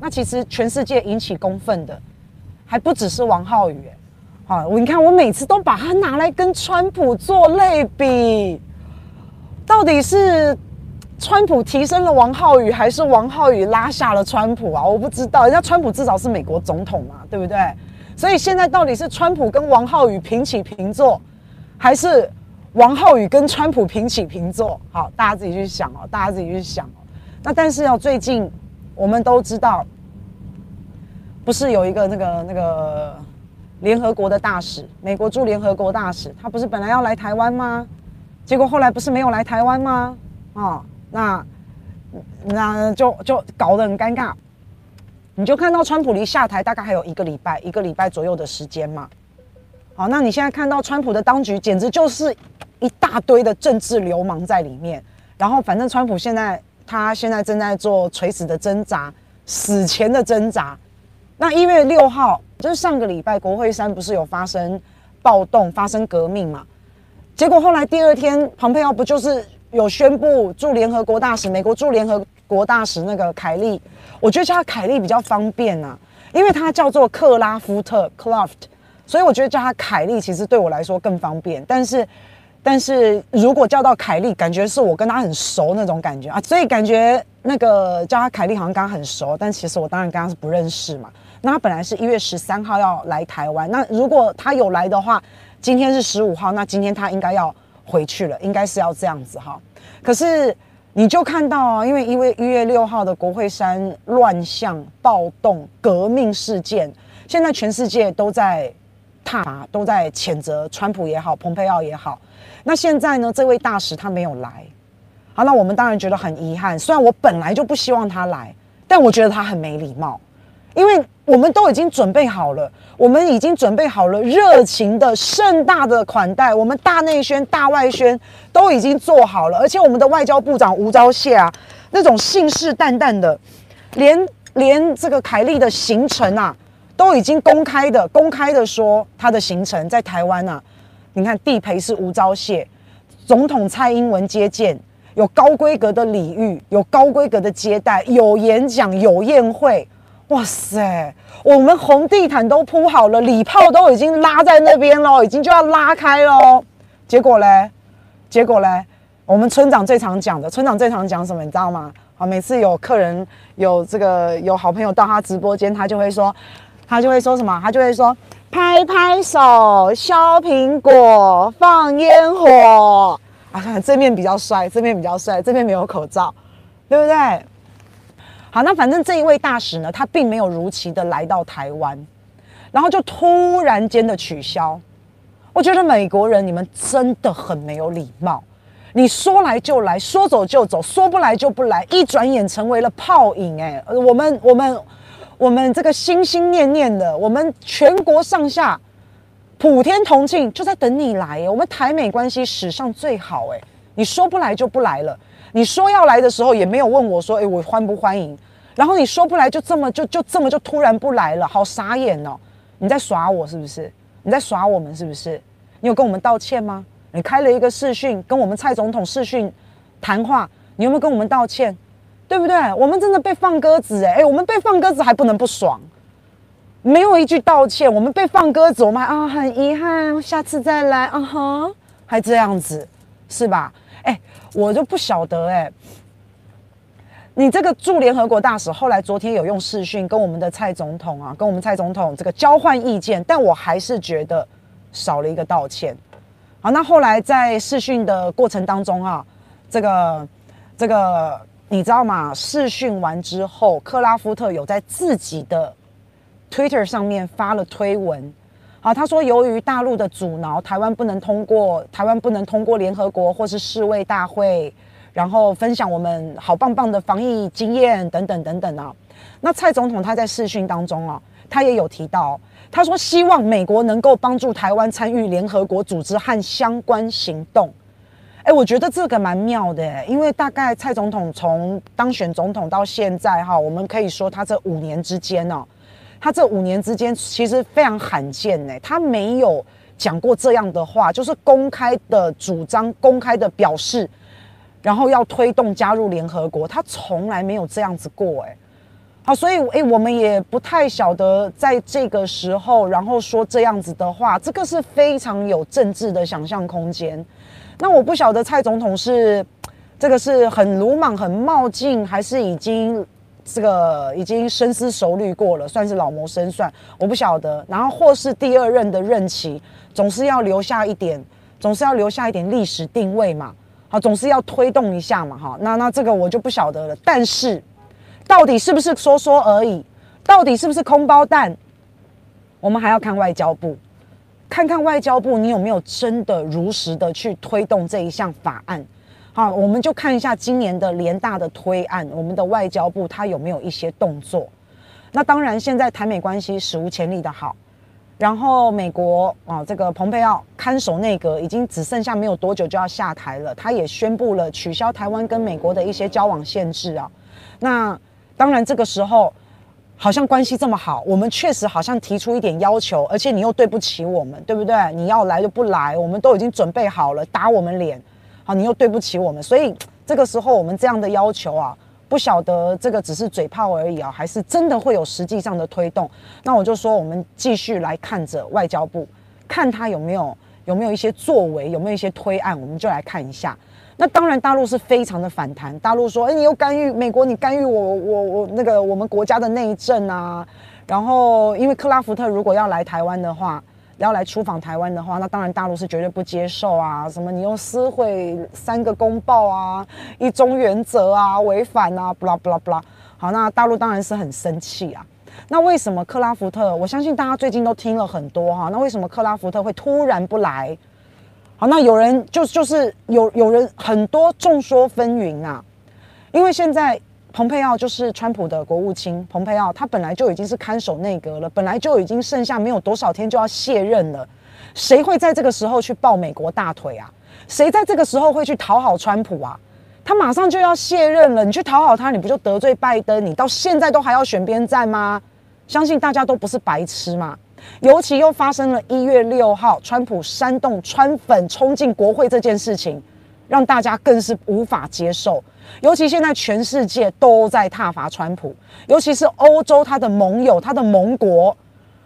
那其實全世界引起公憤的還不只是王浩宇，好，你看我每次都把他拿來跟川普做類比，到底是川普提升了王浩宇，還是王浩宇拉下了川普啊？我不知道，人家川普至少是美國總統嘛，對不對？所以現在到底是川普跟王浩宇平起平坐，還是王浩宇跟川普平起平坐？好，大家自己去想哦，大家自己去想哦。那但是要、啊、最近。我們都知道，不是有一個那個那個聯合國的大使，美國駐聯合國大使，他不是本來要來台灣嗎？結果後來不是沒有來台灣嗎？啊、哦，那那就就搞得很尷尬。你就看到川普離下台大概還有一個禮拜，一個禮拜左右的時間嘛。好，那你現在看到川普的當局簡直就是一大堆的政治流氓在裡面，然後反正川普現在。他現在正在做垂死的掙扎，死前的掙扎。那一月六號，就是上個禮拜，國會山不是有發生暴動，發生革命嘛？結果後來第二天，蓬佩奧不就是有宣布駐聯合國大使，美國駐聯合國大使那個凱利，我覺得叫他凱利比較方便啊，因為他叫做克拉夫特，Craft，所以我覺得叫他凱利其實對我來說更方便，但是。但是如果叫到凱莉，感覺是我跟他很熟那種感覺啊，所以感覺那個叫他凱莉好像跟他很熟，但其實我當然跟他是不認識嘛。那他本來是一月十三號要來台灣，那如果他有來的話，今天是十五號，那今天他應該要回去了，應該是要這樣子哈。可是你就看到啊、哦，因為因為一月六號的國會山亂象暴動革命事件，現在全世界都在。他都在譴責川普也好，蓬佩奧也好。那現在呢？這位大使他沒有來，好，那我們當然覺得很遺憾。雖然我本來就不希望他來，但我覺得他很沒禮貌，因為我們都已經準備好了，我們已經準備好了熱情的盛大的款待，我們大內宣、大外宣都已經做好了，而且我們的外交部長吳釗燮啊，那種信誓旦旦的，連連這個凱利的行程啊。都已經公開的公開的說他的行程在台灣啊！你看地陪是吳釗燮，總統蔡英文接見，有高規格的禮遇，有高規格的接待，有演講，有宴會。哇塞，我們紅地毯都鋪好了，禮炮都已經拉在那邊咯，已經就要拉開咯。結果呢？結果呢？我們村長最常講的，村長最常講什麼？你知道嗎？啊，每次有客人有這個有好朋友到他直播間，他就會說。他就會說什麼？他就會說，拍拍手，削蘋果，放煙火。啊，這面比較帥，這面比較帥，這邊沒有口罩，對不對？好，那反正這一位大使呢，他並沒有如期的來到台灣，然後就突然間的取消。我覺得美國人，你們真的很沒有禮貌。你說來就來，說走就走，說不來就不來，一轉眼成為了泡影、欸。哎，我們我們。我們這個心心念念的，我們全國上下普天同慶，就在等你來。我們台美關係史上最好，誒，你說不來就不來了。你說要來的時候也沒有問我說，哎，我歡不歡迎？然後你說不來就這麼就就，就這麼就突然不來了，好傻眼哦！你在耍我是不是？你在耍我們是不是？你有跟我們道歉嗎？你開了一個視訊跟我們蔡總統視訊談話，你有沒有跟我們道歉？對不對？我們真的被放鴿子哎！哎，我們被放鴿子還不能不爽，沒有一句道歉。我們被放鴿子，我們還啊很遺憾，下次再來啊哼，還這樣子是吧？哎，我就不曉得哎。你這個駐聯合國大使，後來昨天有用視訊跟我們的蔡總統啊，跟我們蔡總統這個交換意見，但我還是覺得少了一個道歉。好，那後來在視訊的過程當中啊，這個這個。你知道嗎？視訊完之後，克拉夫特有在自己的 Twitter 上面發了推文。啊，他說由於大陸的阻撓，台灣不能通過台灣不能通過聯合國或是世衛大會，然後分享我們好棒棒的防疫經驗等等等等啊。那蔡總統他在視訊當中啊，他也有提到，他說希望美國能夠幫助台灣參與聯合國組織和相關行動。哎、欸，我覺得這個蠻妙的，因為大概蔡總統從當選總統到現在哈，我們可以說他這五年之間哦，他這五年之間其實非常罕見哎，他沒有講過這樣的話，就是公開的主張、公開的表示，然後要推動加入聯合國，他從來沒有這樣子過哎。好，所以哎、欸，我們也不太曉得在這個時候，然後說這樣子的話，這個是非常有政治的想象空間。那我不曉得蔡總統是，這個是很魯莽、很冒進，還是已經這個已經深思熟慮過了，算是老謀深算。我不曉得。然後或是第二任的任期，總是要留下一點，總是要留下一點歷史定位嘛。好，總是要推動一下嘛。哈，那那這個我就不曉得了。但是，到底是不是說說而已？到底是不是空包彈？我們還要看外交部。看看外交部，你有沒有真的如實的去推動這一項法案？好，我們就看一下今年的聯大的推案，我們的外交部他有沒有一些動作？那當然，現在台美關係史無前例的好，然後美國啊，這個蓬佩奧看守內閣已經只剩下沒有多久就要下台了，他也宣布了取消台灣跟美國的一些交往限制啊。那當然，這個時候。好像關係這麼好，我們確實好像提出一點要求，而且你又對不起我們，對不對？你要來就不來，我們都已經準備好了，打我們臉，好，你又對不起我們，所以這個時候我們這樣的要求啊，不曉得這個只是嘴炮而已啊，還是真的會有實際上的推動？那我就說，我們繼續來看着外交部，看他有沒有有沒有一些作為，有沒有一些推案，我們就來看一下。那當然，大陸是非常的反彈。大陸說：“哎、欸，你又干預美國，你干預我，我我那個我們國家的內政啊。然後，因為克拉福特如果要來台灣的話，要來出訪台灣的話，那當然大陸是絕對不接受啊。什麼你又撕毀三個公報啊，一中原則啊，違反啊，不啦不啦不啦。好，那大陸當然是很生氣啊。那為什麼克拉福特？我相信大家最近都聽了很多哈、啊。那為什麼克拉福特會突然不來？”好，那有人就就是有有人很多眾說紛紜啊。因為現在蓬佩奧就是川普的國務卿，蓬佩奧他本來就已經是看守內閣了，本來就已經剩下沒有多少天就要卸任了，誰會在這個時候去抱美國大腿啊？誰在這個時候會去討好川普啊？他馬上就要卸任了，你去討好他，你不就得罪拜登？你到現在都還要選邊站嗎？相信大家都不是白痴嘛。尤其又發生了一月六號，川普煽動川粉衝進國會這件事情，讓大家更是無法接受。尤其現在全世界都在撻伐川普，尤其是歐洲他的盟友、他的盟國，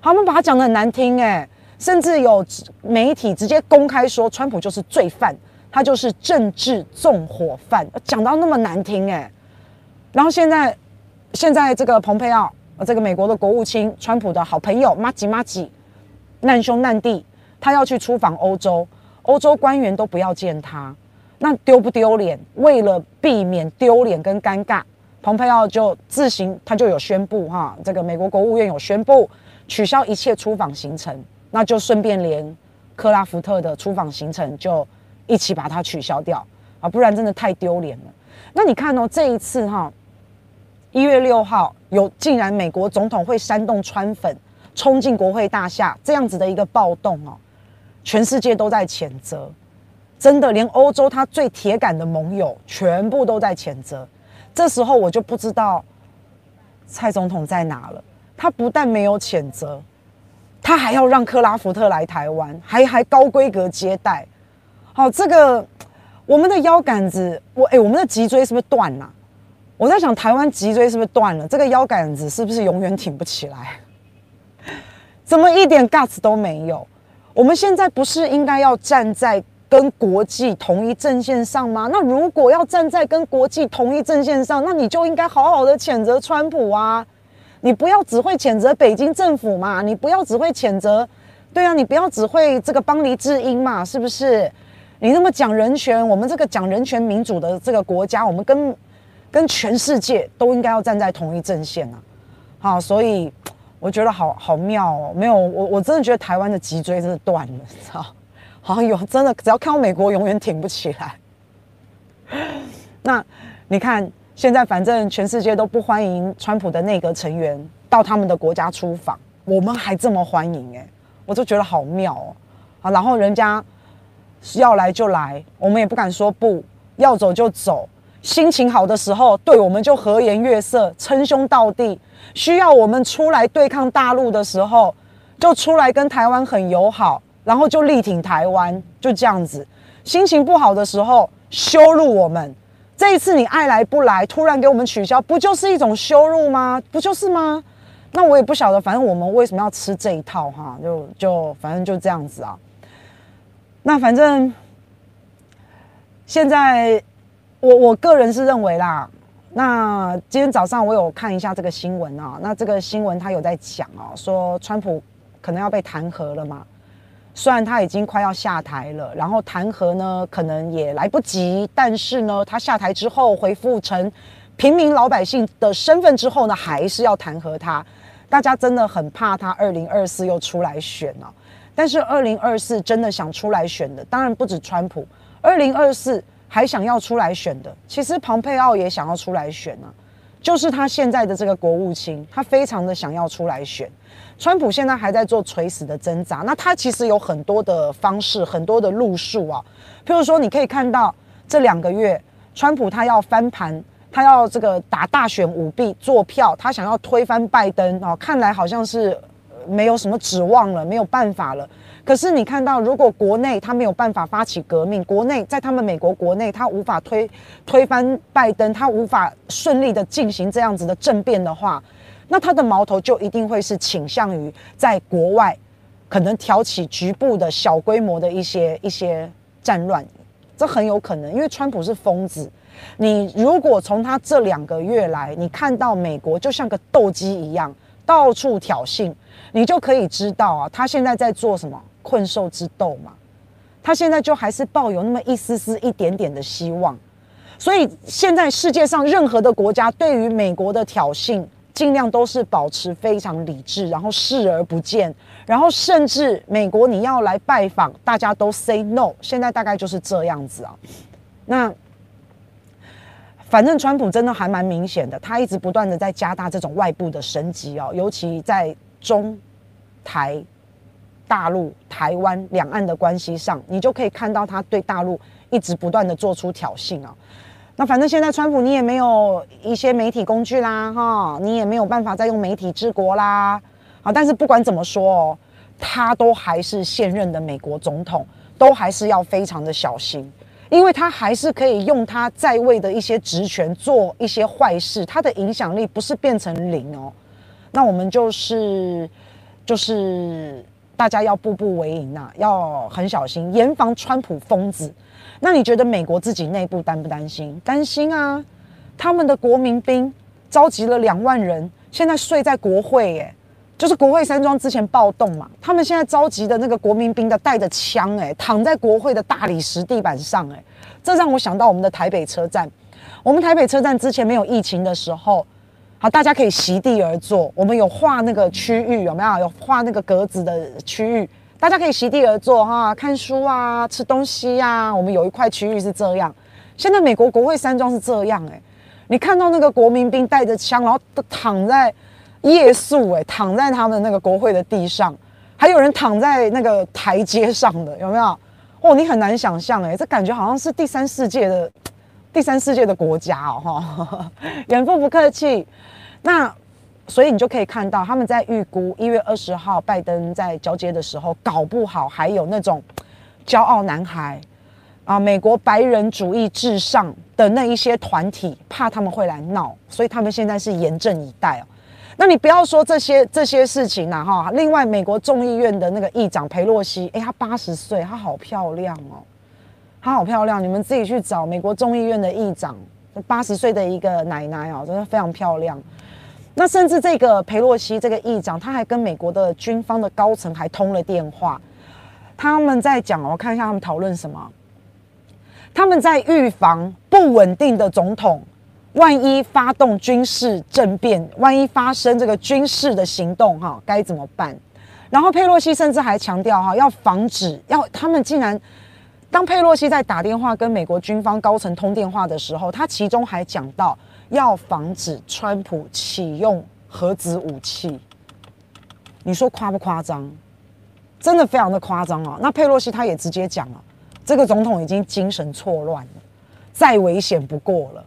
他們把他講得很難聽欸，甚至有媒體直接公開說川普就是罪犯，他就是政治縱火犯，講到那麼難聽欸，然後現在，現在這個蓬佩奧。這個美國的國務卿，川普的好朋友馬吉馬吉，難兄難弟，他要去出訪歐洲，歐洲官員都不要見他，那丟不丟臉？為了避免丟臉跟尷尬，蓬佩奧就自行他就有宣布哈，這個美國國務院有宣布取消一切出訪行程，那就順便連克拉福特的出訪行程就一起把它取消掉啊，不然真的太丟臉了。那你看哦，這一次哈、哦，一月六號。有竟然美國總統會煽動川粉衝進國會大廈，這樣子的一個暴動哦，全世界都在譴責，真的連歐洲他最鐵桿的盟友全部都在譴責。這時候我就不知道蔡總統在哪了，他不但沒有譴責，他還要讓克拉福特來台灣，還還高規格接待。好，這個我們的腰桿子，我哎，我們的脊椎是不是斷了？我在想，台灣脊椎是不是斷了？這個腰桿子是不是永遠挺不起來？怎麼一點尬 u 都沒有？我們現在不是應該要站在跟國際同一陣線上嗎？那如果要站在跟國際同一陣線上，那你就應該好好的譴責川普啊！你不要只會譴責北京政府嘛！你不要只會譴責，對啊，你不要只會這個幫離智英嘛？是不是？你那麼講人權，我們這個講人權民主的這個國家，我們跟跟全世界都應該要站在同一陣線吶、啊，好、啊，所以我覺得好好妙哦，沒有我我真的覺得台灣的脊椎真的斷了，知道嗎？好有真的，只要看到美國永遠挺不起來。那你看現在反正全世界都不歡迎川普的內閣成員到他們的國家出訪，我們還這麼歡迎哎、欸，我就覺得好妙哦啊，然後人家要來就來，我們也不敢說不要走就走。心情好的時候，對我們就和顏悅色、稱兄道弟；需要我們出來對抗大陸的時候，就出來跟台灣很友好，然後就力挺台灣，就這樣子。心情不好的時候，羞辱我們。這一次你愛來不來，突然給我們取消，不就是一種羞辱嗎？不就是嗎？那我也不曉得，反正我們為什麼要吃這一套哈？就就反正就這樣子啊。那反正現在。我我個人是認為啦，那今天早上我有看一下這個新聞啊，那這個新聞他有在講哦、啊，說川普可能要被彈劾了嘛，雖然他已經快要下台了，然後彈劾呢可能也來不及，但是呢他下台之後恢復成平民老百姓的身份之後呢，還是要彈劾他，大家真的很怕他二零二四又出來選哦、啊，但是二零二四真的想出來選的，當然不止川普，二零二四。還想要出來選的，其實龐佩奧也想要出來選呢、啊、就是他現在的這個國務卿，他非常的想要出來選。川普現在還在做垂死的掙扎，那他其實有很多的方式，很多的路數啊，譬如說，你可以看到這兩個月，川普他要翻盤，他要這個打大選舞弊、做票，他想要推翻拜登啊、哦，看來好像是。沒有什麼指望了，沒有辦法了。可是你看到，如果國內他沒有辦法發起革命，國內在他們美國國內他無法推推翻拜登，他無法順利的進行這樣子的政變的話，那他的矛頭就一定會是傾向於在國外，可能挑起局部的小規模的一些一些戰亂，這很有可能。因為川普是瘋子，你如果從他這兩個月來，你看到美國就像個鬥雞一樣，到處挑釁。你就可以知道啊，他現在在做什麼？困獸之鬥嘛，他現在就還是抱有那麼一絲絲、一點點的希望。所以現在世界上任何的國家對於美國的挑釁，盡量都是保持非常理智，然後視而不見，然後甚至美國你要來拜訪，大家都 say no。現在大概就是這樣子啊。那反正川普真的還蠻明顯的，他一直不斷的在加大這種外部的升級哦、啊，尤其在。中台大陸、台灣兩岸的關係上，你就可以看到他對大陸一直不斷的做出挑釁哦。那反正現在川普你也沒有一些媒體工具啦，哈，你也沒有辦法再用媒體治國啦。好，但是不管怎麼說哦，他都還是現任的美國總統，都還是要非常的小心，因為他還是可以用他在位的一些職權做一些壞事，他的影響力不是變成零哦。那我們就是，就是大家要步步為營啊，要很小心，嚴防川普瘋子。那你覺得美國自己內部擔不擔心？擔心啊！他們的國民兵召集了兩萬人，現在睡在國會、欸，哎，就是國會山莊之前暴動嘛。他們現在召集的那個國民兵的帶着槍、欸，哎，躺在國會的大理石地板上、欸，哎，這讓我想到我們的台北車站。我們台北車站之前沒有疫情的時候。好，大家可以席地而坐。我們有畫那個區域，有沒有？有畫那個格子的區域，大家可以席地而坐哈，看書啊，吃東西呀、啊。我們有一塊區域是這樣。現在美國國會山莊是這樣哎、欸，你看到那個國民兵帶着槍，然後都躺在夜宿誒、欸，躺在他們那個國會的地上，還有人躺在那個台階上的，有沒有？哦，你很難想象哎、欸，這感覺好像是第三世界的。第三世界的國家哦哈，遠赴不客氣。那所以你就可以看到，他們在預估一月二十號拜登在交接的時候，搞不好還有那種驕傲男孩啊，美國白人主義至上的那一些團體，怕他們會來鬧，所以他們現在是嚴陣以待哦。那你不要說這些這些事情啦，哈。另外，美國眾議院的那個議長裴洛西，哎，他八十歲，他好漂亮哦。她好漂亮，你們自己去找美國眾議院的議長，八十歲的一個奶奶哦、喔，真的非常漂亮。那甚至這個佩洛西這個議長，他還跟美國的軍方的高層還通了電話。他們在講，我看一下他們討論什麼。他們在預防不穩定的總統，萬一發動軍事政變，萬一發生這個軍事的行動哈、喔，該怎麼辦？然後佩洛西甚至還強調哈，要防止，要他們竟然。當佩洛西在打電話跟美國軍方高層通電話的時候，他其中還講到要防止川普啟用核子武器。你說誇不誇張？真的非常的誇張啊！那佩洛西他也直接講了喔，這個總統已經精神錯亂了，再危險不過了。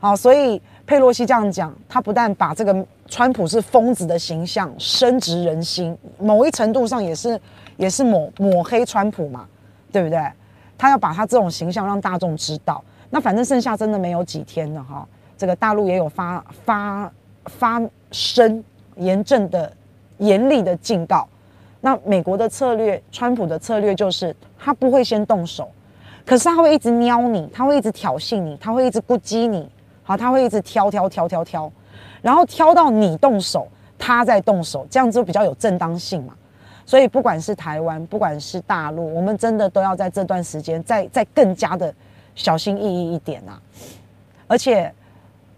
好，所以佩洛西這樣講，他不但把這個川普是瘋子的形象深植人心，某一程度上也是也是抹抹黑川普嘛，對不對？他要把他這種形象讓大眾知道，那反正剩下真的沒有幾天了哈。這個大陸也有發發發聲，嚴正的、嚴厲的警告。那美國的策略，川普的策略就是他不會先動手，可是他會一直瞄你，他會一直挑釁你，他會一直攻擊你，好，他會一直挑挑挑挑挑，然後挑到你動手，他再動手，這樣子就比較有正當性嘛。所以不管是台灣，不管是大陸，我們真的都要在這段時間再再更加的小心翼翼一點啊！而且，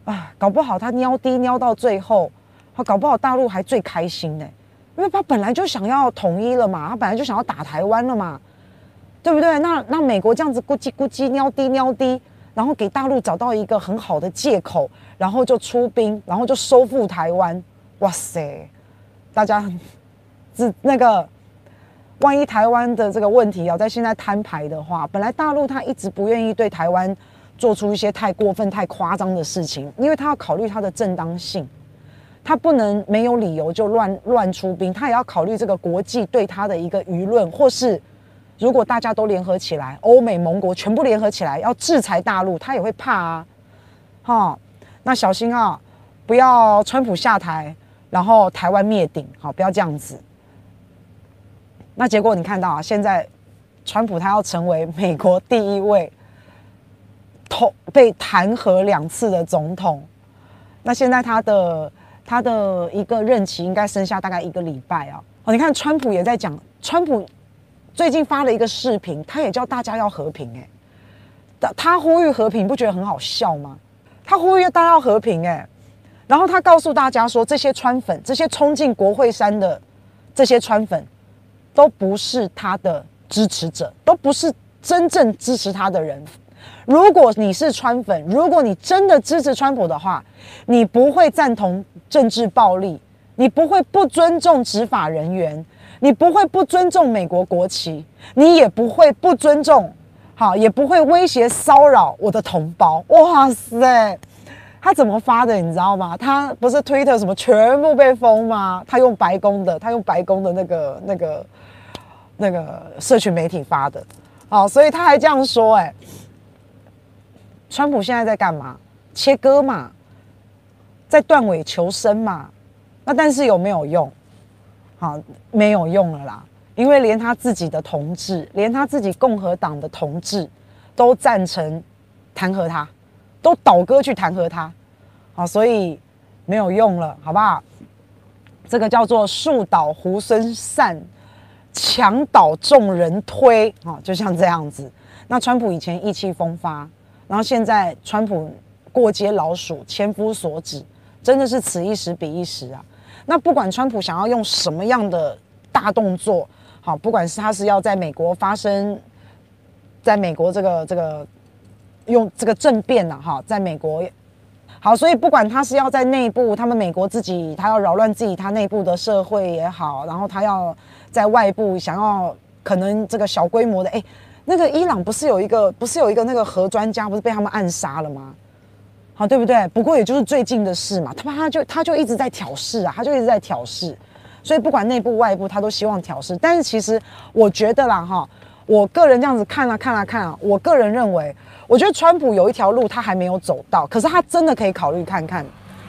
啊，搞不好他尿滴尿到最後，他搞不好大陸還最開心呢。欸，因為他本來就想要統一了嘛，他本來就想要打台灣了嘛，對不對？那那美國這樣子咕嘰咕嘰尿滴尿滴，然後給大陸找到一個很好的借口，然後就出兵，然後就收復台灣，哇塞，大家。是那個，萬一台灣的這個問題啊，在現在攤牌的話，本來大陸他一直不願意對台灣做出一些太過分、太誇張的事情，因為他要考慮他的正當性，他不能沒有理由就亂亂出兵，他也要考慮這個國際對他的一個輿論，或是如果大家都聯合起來，歐美盟國全部聯合起來要制裁大陸，他也會怕啊。好，那小心啊，不要川普下台，然後台灣滅頂，好，不要這樣子。那結果你看到啊，現在川普他要成為美國第一位通被彈劾兩次的總統。那現在他的他的一個任期應該剩下大概一個禮拜啊。哦，你看川普也在講，川普最近發了一個視頻，他也叫大家要和平，哎，他他呼籲和平，不覺得很好笑嗎？他呼籲大家要和平，哎，然後他告訴大家說，這些川粉，這些衝進國會山的這些川粉。都不是他的支持者，都不是真正支持他的人。如果你是川粉，如果你真的支持川普的話，你不會贊同政治暴力，你不會不尊重執法人員，你不會不尊重美國國旗，你也不會不尊重，好，也不會威脅騷擾我的同胞。哇塞，他怎麼發的？你知道嗎？他不是 Twitter 什麼全部被封嗎？他用白宮的，他用白宮的那個那個。那個社群媒體發的，好，所以他還這樣說：“哎，川普現在在幹嘛？切割嘛，在斷尾求生嘛。那但是有沒有用？好，沒有用了啦，因為連他自己的同志，連他自己共和黨的同志都贊成彈劾他，都倒戈去彈劾他。好，所以沒有用了，好不好？這個叫做樹倒猢猻散。”牆倒眾人推，哦，就像這樣子。那川普以前意氣風發，然後現在川普過街老鼠，千夫所指，真的是此一時彼一時啊。那不管川普想要用什麼樣的大動作，好，不管是他是要在美國發生，在美國這個這個用這個政變呢，啊，哈，在美國。好，所以不管他是要在內部，他們美國自己，他要擾亂自己他內部的社會也好，然後他要在外部想要可能這個小規模的，哎，那個伊朗不是有一個，不是有一個那個核專家不是被他們暗殺了嗎？好，對不對？不過也就是最近的事嘛，他他就他就一直在挑事啊，他就一直在挑事，所以不管內部外部，他都希望挑事。但是其實我覺得啦哈、哦，我個人這樣子看啊看啊看啊，我個人認為。我覺得川普有一條路他還沒有走到，可是他真的可以考慮看看，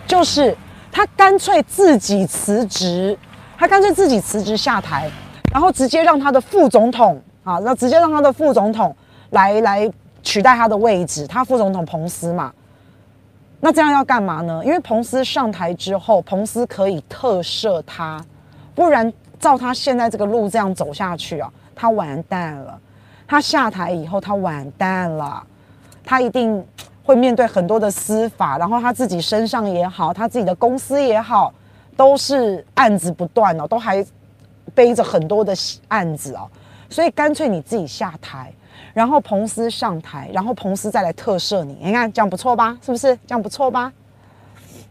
就是他乾脆自己辭職，他乾脆自己辭職下台，然後直接讓他的副總統啊，然後直接讓他的副總統來來取代他的位置，他副總統彭斯嘛。那這樣要幹嘛呢？因為彭斯上台之後，彭斯可以特赦他，不然照他現在這個路這樣走下去啊，他完蛋了。他下台以後，他完蛋了。他一定會面對很多的司法，然後他自己身上也好，他自己的公司也好，都是案子不斷哦，都還背着很多的案子哦，所以乾脆你自己下台，然後彭斯上台，然後彭斯再來特赦你，你看這樣不錯吧？是不是這樣不錯吧？